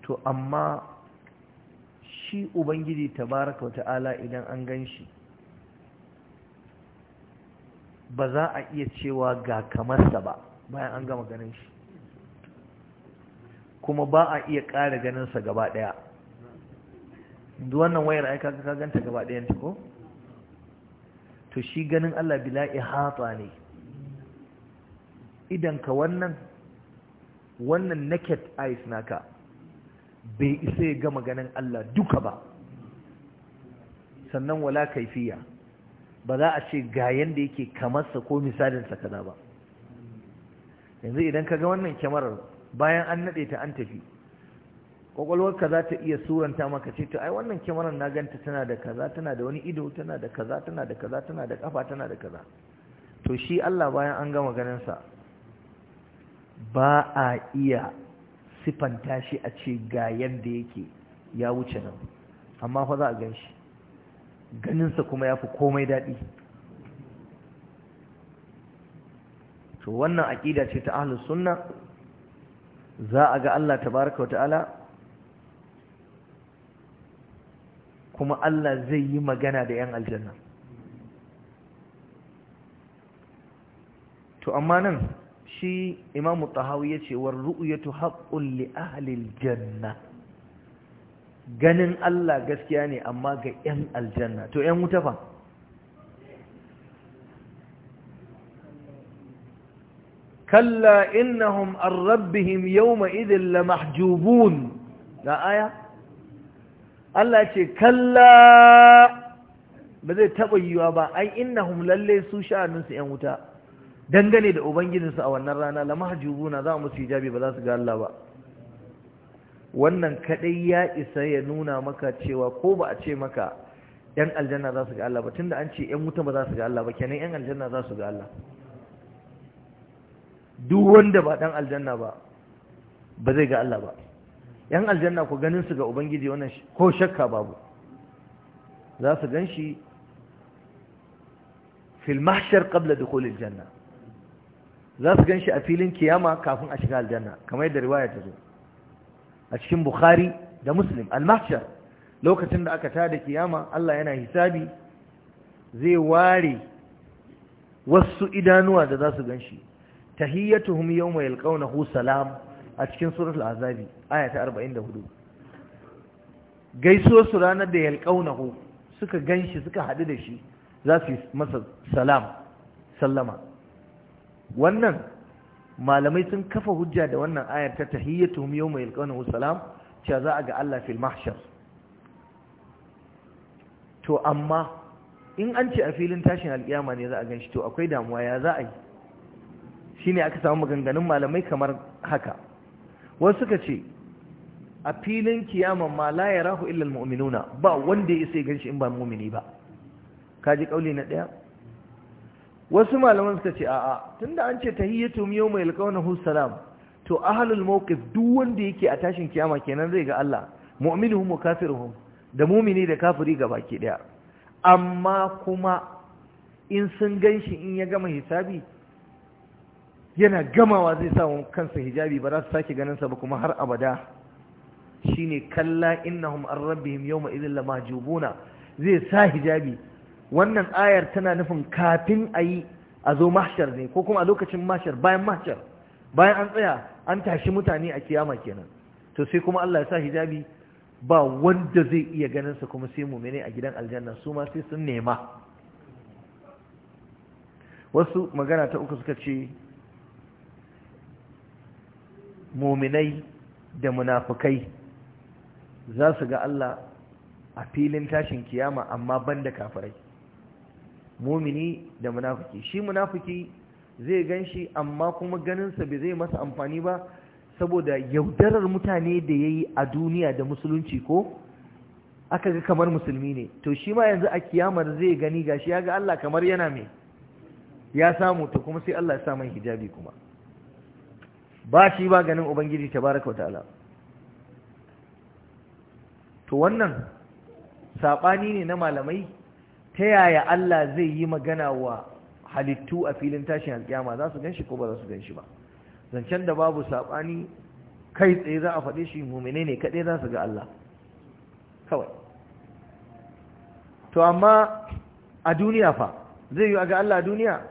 to amma shi ubangiji tabaraka wa ta'ala idan an ganshi. shi ba za a iya cewa ga kamarsa ba bayan an gama ganin shi kuma ba a iya ƙara ganinsa gaba ɗaya duk wannan wayar aika ka ganta gaba ɗayan ta ko to shi ganin Allah bila ihata ne idan ka wannan wannan naked eyes naka bai isa ya gama ganin Allah duka ba sannan wala kaifiya ba za a ce ga yanda yake kamarsa ko misalin misalinsa kaza ba yanzu idan ka ga wannan kyamarar bayan an naɗe ta an tafi kwakwalwarka za ta iya suranta maka ce to ai wannan kyamarar na ganta tana da kaza tana da wani ido tana da kaza tana da kaza tana da kafa tana da kaza to shi Allah bayan an gama ganinsa ba a iya sifanta shi a ce ga yadda yake ya wuce nan amma fa za a ganshi. shi ganinsa kuma ya fi komai daɗi to wannan aƙida ce ta ahlus sunna za a ga Allah tabaraka wa ta'ala kuma Allah zai yi magana da yan aljanna to amma nan shi imamu tahawi ya ce war ru'yatu haqqun li ahli aljanna ganin Allah gaskiya ne amma ga yan aljanna to yan wuta kalla innahum an rabbihim yawma idhin lamahjubun Allah ce kalla ba zai taba yiwa ba ai innahum lalle su sha'anin yan wuta dangane da ubangijinsu a wannan rana lamahjubuna za mu su hijabi ba za su ga Allah ba wannan kaɗai ya isa ya nuna maka cewa ko ba a ce maka yan aljanna za su ga Allah ba tunda an ce yan wuta ba za su ga Allah ba kenan yan aljanna za su ga Allah duk wanda ba dan aljanna ba ba zai ga Allah ba yan aljanna ku ganin su ga ubangiji wannan ko shakka babu za su ganshi fil mahshar qabla dukhul janna. za su ganshi a filin kiyama kafin a shiga aljanna kamar yadda riwaya ta zo a cikin bukhari da muslim al lokacin da aka tada kiyama Allah yana hisabi zai ware wasu idanuwa da za su ganshi tahiyyatuhum yawma yalqawnahu salam a cikin suratul azabi aya ta 44 gaiso su ranar da yalqawnahu suka ganshi suka hadu da shi za su masa salam sallama wannan malamai sun kafa hujja da wannan ayar ta tahiyyatuhum yawma yalqawnahu salam cewa za a ga Allah fil mahshar to amma in an ce a filin tashin alƙiyama ne za a ganshi to akwai damuwa ya za a yi Shi ne aka samu maganganun malamai kamar haka wasu suka ce a filin kiyaman ma la rahu illal mu'minuna ba wanda ya isa ganshi in ba mu'mini ba kaji kauli na daya wasu malaman suka ce a'a tunda an ce tahiyatu yawma yalqawnahu salam to ahlul mawqif duk wanda yake a tashin kiyama kenan zai ga Allah mu'minuhum wa kafiruhum da mu'mini da kafiri gabaki daya amma kuma in sun ganshi in ya gama hisabi yana gamawa zai samu kansa hijabi ba za su sake ganin sa ba kuma har abada shine kalla innahum an rabbihim yawma idhil lamajubuna zai sa hijabi wannan ayar tana nufin kafin ayi a zo mahshar ne ko kuma a lokacin mahshar bayan mahshar bayan an tsaya an tashi mutane a kiyama kenan to sai kuma Allah ya sa hijabi ba wanda zai iya ganin ganinsa kuma sai mumene a gidan aljanna su ma sai sun nema wasu magana ta uku suka ce muminai da munafukai za su ga Allah a filin tashin kiyama amma banda kafirai mumini da munafuki. shi munafuki zai gan shi amma kuma ganinsa bai zai masa amfani ba saboda yaudarar mutane da ya yi a duniya da musulunci ko aka ga kamar musulmi ne to shi ma yanzu a kiyamar zai gani gashi ya ga Allah kamar yana mai ya samu to kuma sai Allah ya sa mai hijabi kuma ba shi ba ganin ubangiji tabaraka wata'ala to wannan saɓani ne na malamai ta yaya Allah zai yi magana wa halittu a filin tashin alƙiyama za su ganshi ko ba za su ganshi ba zancen da babu saɓani kai tsaye za a faɗe shi mumine ne kaɗai za su ga Allah kawai to amma a duniya fa zai yi a ga Allah a duniya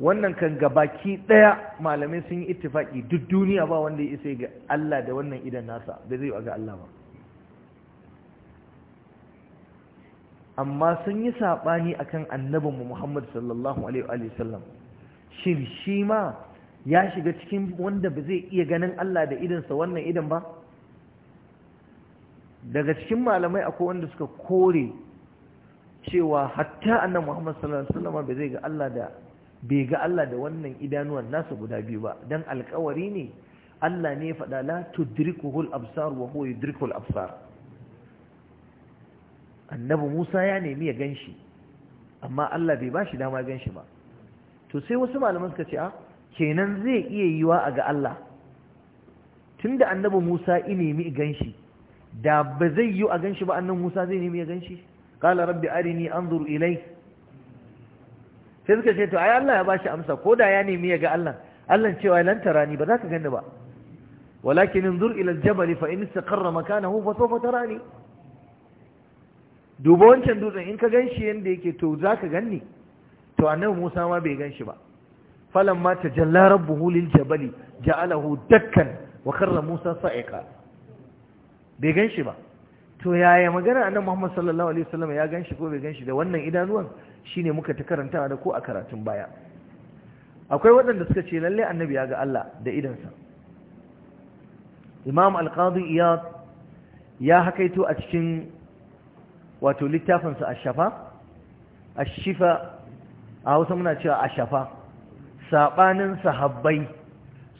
wannan kan gabaki daya malamai sun yi ittifaki duk duniya ba wanda ya isa ga Allah da wannan idan nasa bai zai ga Allah ba amma sun yi sabani akan annabinmu Muhammad sallallahu alaihi wa sallam shin shi ma ya shiga cikin wanda ba zai iya ganin Allah da sa wannan idan ba daga cikin malamai akwai wanda suka kore cewa hatta annabi Muhammad sallallahu alaihi wa sallam bai zai ga Allah da bai ga Allah da wannan idanuwan nasa guda biyu ba dan alkawari ne Allah ne faɗa la tudrikuhul absar wa huwa yudrikul absar annabi Musa ya nemi ya ganshi amma Allah bai bashi dama ganshi ba to sai wasu malaman suka ce a ah, kenan zai iya yiwa a ga Allah tunda annabi Musa ya nemi ganshi da ba zai yi a ganshi ba annabi Musa zai nemi ya ganshi qala rabbi arini anzur ilayhi sai suka ce to ai Allah ya bashi amsa ko da ya nemi ya ga Allah Allah cewa lan tarani ba za ka gani ba walakin inzur ila aljabal fa in istaqarra makanahu fa sawfa tarani duba wancan dutsen in ka ganshi yanda yake to za ka ganni to annabi Musa ma bai ganshi ba falamma tajalla rabbuhu lil jabali ja'alahu dakkan wa kharra Musa sa'iqa bai ganshi ba to yaya magana annabi Muhammad sallallahu alaihi wasallam ya ganshi ko bai ganshi da wannan idanuwan shine muka ta karanta da ko a karatun baya akwai waɗanda suka ce lalle annabi ya ga Allah da idansa imam al alqadi iyad ya hakaito a cikin wato littafinsa ash-shafa ash-shifa a Hausa muna cewa ash-shafa sabanin sahabbai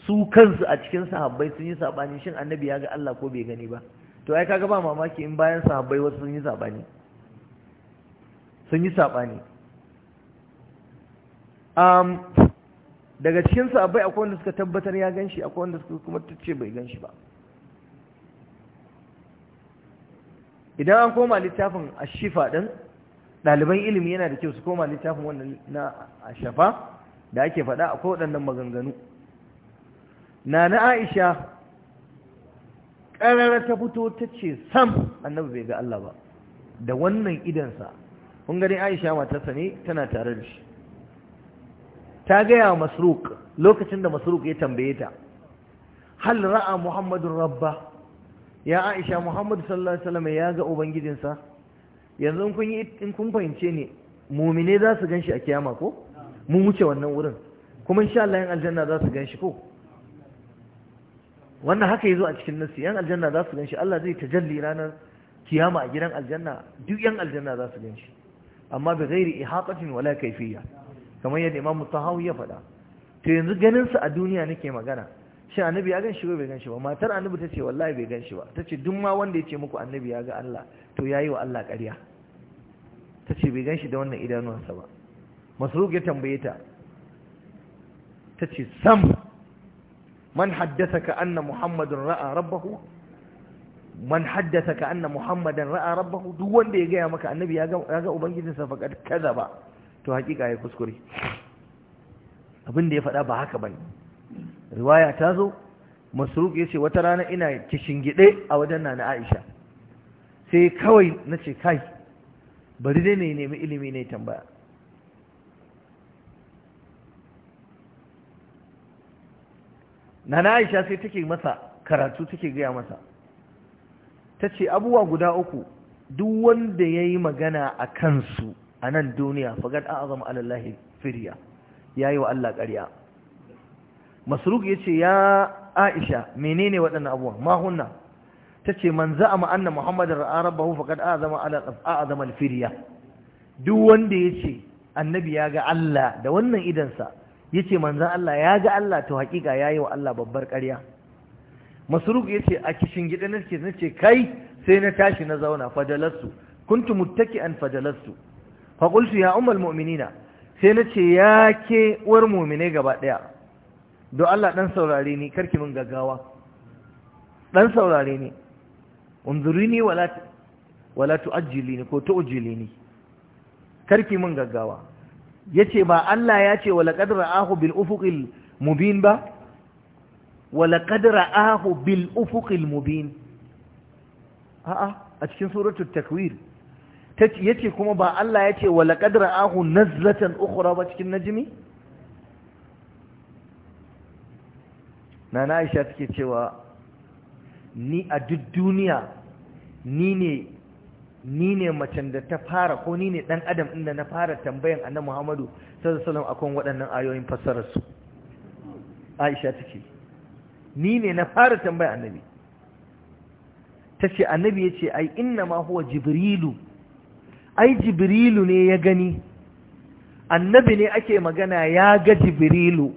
su kansu a cikin sahabbai sun yi sabani shin annabi ya ga Allah ko bai gani ba to ai kaga ba mamaki in bayan sahabbai wasu sun yi sabani sun yi saɓani daga cikinsu abai akwai wanda suka tabbatar ya gan shi akwai wanda suka kuma tace bai gan shi ba idan an koma littafin a shifa ɗin ɗaliban ilimi yana da kyau su koma littafin wanda na a shafa da ake faɗa a kowaɗannan maganganu na na aisha ƙarara ta fito ta ce sam annabi bai ga Allah ba da wannan idansa kun gani aisha matarsa ne tana tare da shi ta gaya wa masruk lokacin da masruk ya tambaye ta hal ra'a muhammadun rabba ya aisha muhammadu sallallahu alaihi wasallam ya ga ubangijinsa yanzu in kun yi in kun fahimce ne mumine za su ganshi a kiyama ko mun wuce wannan wurin kuma insha Allah yan aljanna za su ganshi ko wannan haka yazo a cikin nasi yan aljanna za su ganshi Allah zai tajalli ranar kiyama a gidan aljanna duk yan aljanna za su ganshi amma bi ghairi ihaqatin wala kayfiyya kamar yadda Imam hau ya faɗa to yanzu ganinsa a duniya ke magana shi annabi ya gan shi bai gan shi ba matar annabi ta ce wallahi bai gan ba ta ce duk wanda ya ce muku annabi ya ga Allah to ya yi wa Allah karya. ta ce bai gan da wannan idanuwansa ba masruk ya tambaye ta ta ce sam man haddasa ka anna muhammadun ra'a rabbahu man haddasa ka anna muhammadan ra'a rabbahu duk wanda ya gaya maka annabi ya ga ubangijinsa faqad kaza ba to hakika ya kuskure abin da ya faɗa ba haka bane riwaya ta zo masruq yace wata rana ina kishingide a wajen nana Aisha sai kawai nace kai bari dai ne nemi ilimi ne tambaya nana Aisha sai take masa karatu take gaya masa ta ce abubuwa guda uku duk wanda ya yi magana a kansu a nan duniya an azama alallahi firiya ya yi wa Allah ƙarya masruk ya ce ya aisha menene waɗannan abubuwa? mahunna ta ce man za a ma'anna muhammadin ra'arabahu fagar a'azam alfiriya duk wanda ya ce annabi ya ga Allah da wannan idansa ya ce za Allah ya ga Allah to haƙiƙa ya yi wa Allah babbar ƙarya masruq yace a kishin gida nake nace kai sai na tashi na zauna fajalastu kuntu muttaki'an an fa qultu ya ummul mu'minina sai nace ya ke uwar mu'mine gaba daya don Allah dan saurare ni karki min gaggawa dan saurare ni unzurini wala wala tuajjilini ko tuajjilini karki min gaggawa yace ba Allah ya ce wala qadra ra'ahu bil ufuqil mubin ba ولقد رآه بالأفق المبين a'a a cikin suratul takwir yace kuma ba Allah yace wala qad ra'ahu nazlatan ukhra ba cikin najmi nana Aisha take cewa ni a duk duniya ni ne ni ne macen da ta fara ko ni ne dan adam inda na fara tambayan annabi Muhammadu sallallahu alaihi wasallam akan waɗannan ayoyin fassarar Aisha take ni ne na fara tambaya annabi ta ce annabi ya ce ai inna ma huwa jibrilu ai jibrilu ne ya gani annabi ne ake magana ya ga jibrilu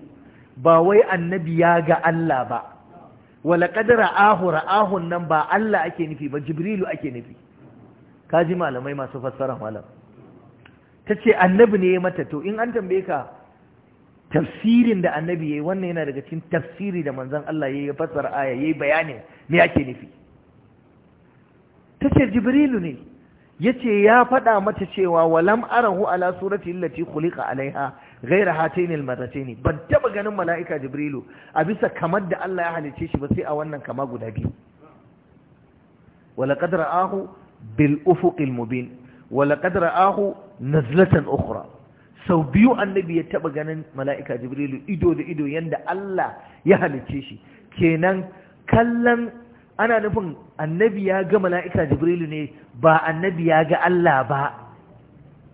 ba wai annabi ya ga Allah ba wala kadara ahu ra'ahun nan ba Allah ake nufi ba jibrilu ake nufi kaji malamai masu fassara malam ta ce annabi ne ya mata to in an tambaye ka tafsirin da annabi yayi wannan yana daga cikin tafsiri da manzon Allah ya ya fassara aya yi bayanin me ke nufi tace jibrilu ne yace ya faɗa mata cewa walam arahu ala surati allati kulika alaiha ghaira hataini ne ban taɓa ganin mala'ika jibrilu a bisa kamar da Allah ya halice shi ba sai a wannan kama guda biyu walaqad ra'ahu bil ufuqil mubin walaqad ra'ahu nazlatan ukhra sau biyu annabi ya taba ganin mala'ika jibrilu ido da ido yadda Allah ya halicce shi kenan kallon ana nufin annabi ya ga mala'ika jibrilu ne ba annabi ya ga Allah ba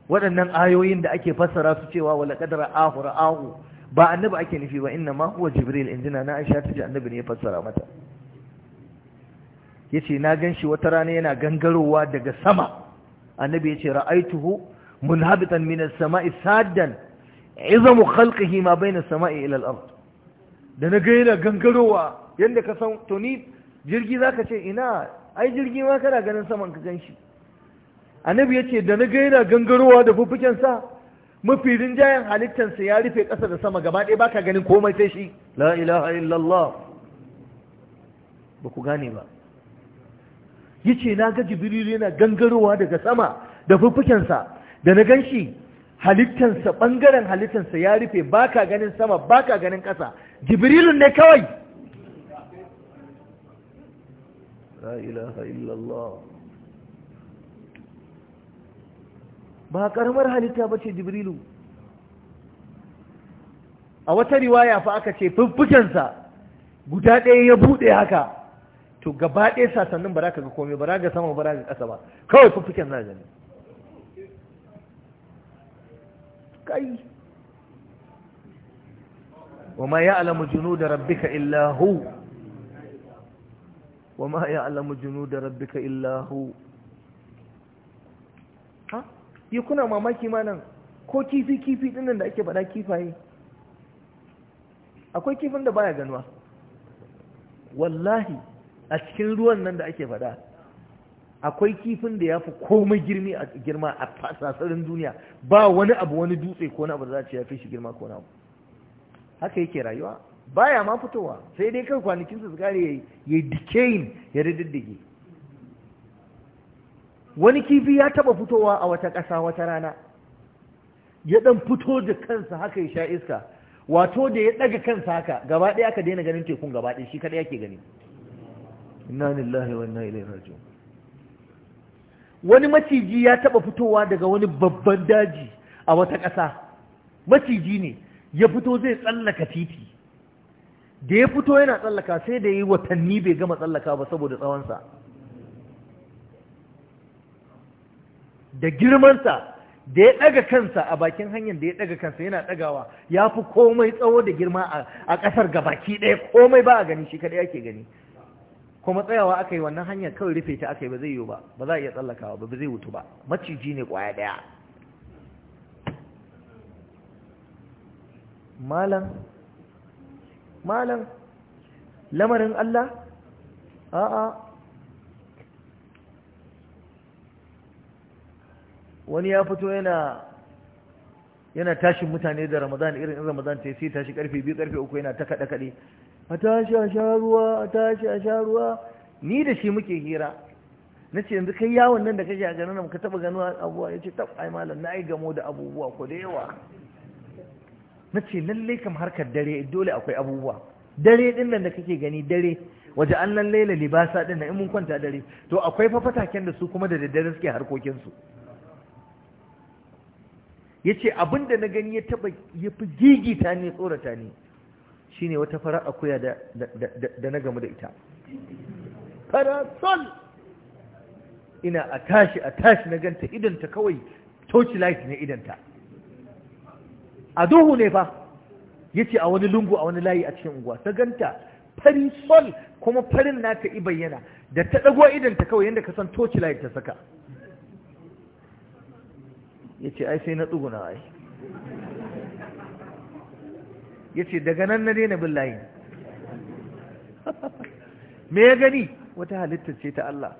waɗannan ayoyin da ake fassara su cewa wala kadara ahu ra'ahu ba annabi ake nufi ba inna ma huwa jibril jina na aisha ta ji annabi ne ya fassara mata Ya ce na gan shi wata rana yana gangarowa daga sama annabi ya yace ra'aituhu munhabitan min as-sama'i saddan izamu khalqihi ma bayna as-sama'i ila al-ard da yana gangarowa yadda ka san tuni jirgi za ka ce ina ai jirgi ma kana ganin saman ka ganshi annabi ce da na ga yana gangarowa da fufuken mafi rinjayen halittansa ya rufe ƙasa da sama gaba ɗaya baka ganin komai sai shi la ilaha illallah ba ku gane ba Ya ce na ga jibril yana gangarowa daga sama da fuffukensa da na gan shi halittansa ɓangaren halittansa ya rufe baka ganin sama baka ganin ƙasa jibrilun ne kawai la ilaha illallah ba karamar halitta ba ce jibrilu a wata riwaya fa aka ce fuffukensa guda ɗaya ya buɗe haka to gaba ɗaya sasannin ba za ka ga komai ba za ga sama ba za ga ƙasa ba kawai fuffuken na gani kai wa ma junu da rabbika ka Illahu? wa ma junu da rabbika illa ha yi kuna mamaki ma nan ko kifi kifi dinnan da ake bada kifaye akwai kifin da baya ganuwa wallahi a cikin ruwan nan da ake fada akwai kifin da ya fi komai girma a fasasarin duniya ba wani abu wani dutse ko na abu za ce ya fi shi girma ko na abu haka yake rayuwa baya ma fitowa sai dai kan kwanakin su kare ya yi dikeyin ya daddage. wani kifi ya taba fitowa a wata ƙasa wata rana ya dan fito da kansa haka ya sha iska wato da ya ɗaga kansa haka gaba ɗaya aka daina ganin tekun gaba ɗaya shi kaɗai yake gani inna lillahi wa inna ilaihi raji'un wani maciji ya taɓa fitowa daga wani babban daji a wata ƙasa maciji ne ya fito zai tsallaka titi da ya fito yana tsallaka sai da yi watanni bai gama tsallaka ba saboda tsawonsa da girmansa da ya ɗaga kansa a bakin hanyar da ya ɗaga kansa yana ɗagawa ya fi komai tsawo da girma a ƙasar baki ɗaya komai ba a gani shi kaɗai ake gani kuma tsayawa aka yi wannan hanyar kawai rufe ta aka yi ba zai yiwu ba ba za a iya tsallakawa ba ba zai wutu ba maciji ne kwaya daya malam malam lamarin Allah a'a wani ya fito yana yana tashin mutane da ramadan irin in ramadan ta yi sai tashi karfe biyu karfe uku yana ta kaɗe kaɗe a tashi a sha ruwa a tashi a sha ruwa ni da shi muke hira na ce yanzu kai yawon nan da kake a ganin ka taba ganuwa abuwa ya ce ai malam na yi gamo da abubuwa ko da yawa na ce lallai kam harkar dare dole akwai abubuwa dare din nan da kake gani dare waje an nan laila libasa din in mun kwanta dare to akwai fafataken da su kuma da daddare suke harkokinsu ya ce da na gani ya taba ya fi gigita ne tsorata ne ne wata fara akuya da na gamu da ita farasol ina a tashi a tashi na ganta idanta kawai torch light ne idanta a duhu ne fa yace a wani lungu a wani layi a cikin unguwa ta ganta fari sol kuma farin nata i bayyana da ta ɗagowa idanta kawai yadda ka san torch light ta saka yace ai sai na tsuguna ai ya ce daga nan na daina bin layi, *laughs* me ya gani wata halittar ce ta Allah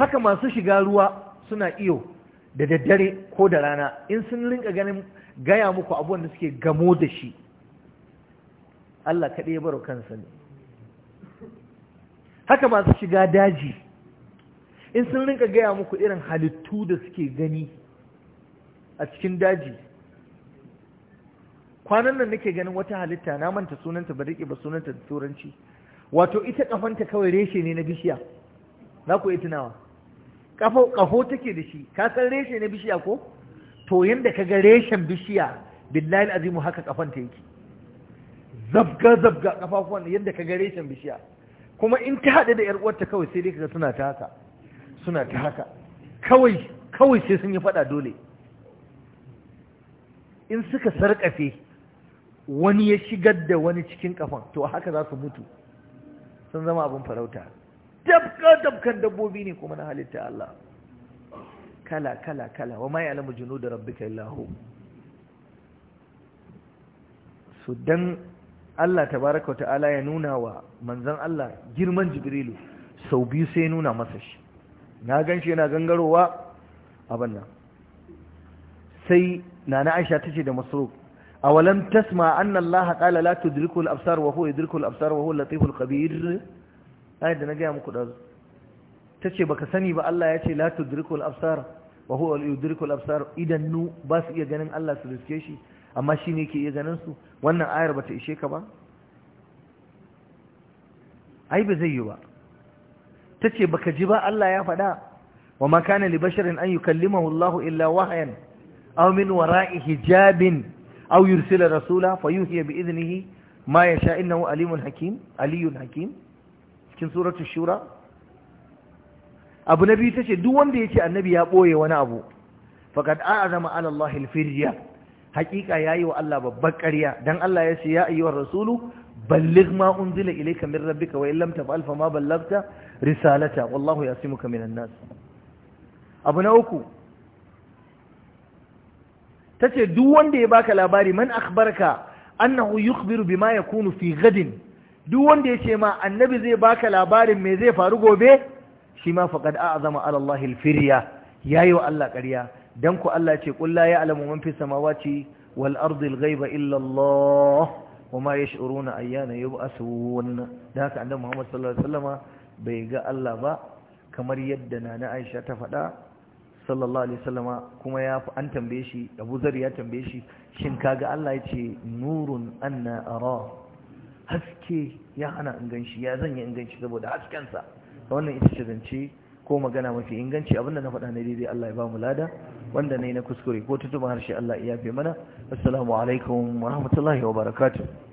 haka masu shiga ruwa suna iyo da daddare ko da rana in sun rinka ganin gaya muku abuwan da suke gamo da shi Allah kaɗai ya baro kansa ne haka masu shiga daji in sun rinka gaya muku irin halittu da suke gani a cikin daji kwanan nan nake ganin wata halitta na manta sunanta ba riƙe ba sunanta da turanci wato ita kafanta kawai reshe ne na bishiya za ku iya tunawa kafo kafo take da shi ka san reshe na bishiya ko to yanda kaga reshen bishiya billahi azimu haka kafanta yake zabga zabga kafafuwan yanda kaga reshen bishiya kuma in ta haɗe da 'yar uwarta kawai sai dai kaga suna ta haka suna ta haka kawai kawai sai sun yi faɗa dole in suka sarƙafe wani ya shigar da wani cikin kafan to haka za su mutu sun zama abin farauta dabka dabkan dabbobi ne kuma na halitta Allah kala kala kala wa alamu ya'lamu da rabbika illa su dan Allah tabaraka ta'ala ya nuna wa manzan Allah girman Jibrilu sau biyu sai nuna masa shi na ganshi yana gangarowa abin nan sai na nana Aisha ta ce da masu awalam tasma annan laha ƙala la tudrikul absar wa huwa yudrikul absar wa huwa latiful khabir ayat da na ga muku dazu tace baka sani ba Allah yace la tudrikul absar wa huwa yudrikul absar idan ba su iya ganin Allah su riske shi amma shi ne ke iya ganin su wannan ayar bata ishe ka ba ai ba zai yi ba Ta ce baka ji ba Allah ya faɗa wa ma kana li basharin an yukallimahu Allah illa wahyan aw min wara'i hijabin aw yursila rasula fayuhiya bi idnihi ma yasha innahu alimun hakim aliyun hakim cikin suratul tace duk wanda ce annabi ya ɓoye wani abu Fakad a'zama ala allahi alfirya hakika yayi wa Allah babbar karya dan Allah ya ce ya ayyuhar rasulu balligh ma unzila ilayka min rabbika wa illam taf'al fa ma ballaghta risalata wallahu yasimuka minan nas abu na uku Ta ce duk wanda ya baka labari man akhbaraka annahu yukhbiru bima yakunu fi gadin duk wanda ya ce ma annabi zai baka labarin me zai faru gobe shi ma faqad a'zama ala allahi al yayi wa Allah ƙarya dan ku Allah ce qul la ya'lamu man fi samawati wal ardi al illa Allah wama yash'uruna ayyana yub'asun da haka annabi Muhammad sallallahu alaihi wasallama bai ga Allah ba kamar yadda nana Aisha ta faɗa sallallahu alaihi wasallama kuma ya an tambaye shi Abu Zar ya tambaye shi shin kaga Allah ya ce nurun anna ara haske ya hana inganci ya zan yi saboda hasken sa wannan ita ce zance ko magana mafi inganci abinda na faɗa ne daidai Allah ya ba mu lada wanda ne na kuskure ko tutuba harshe Allah ya yafe mana assalamu alaikum wa rahmatullahi wa barakatuh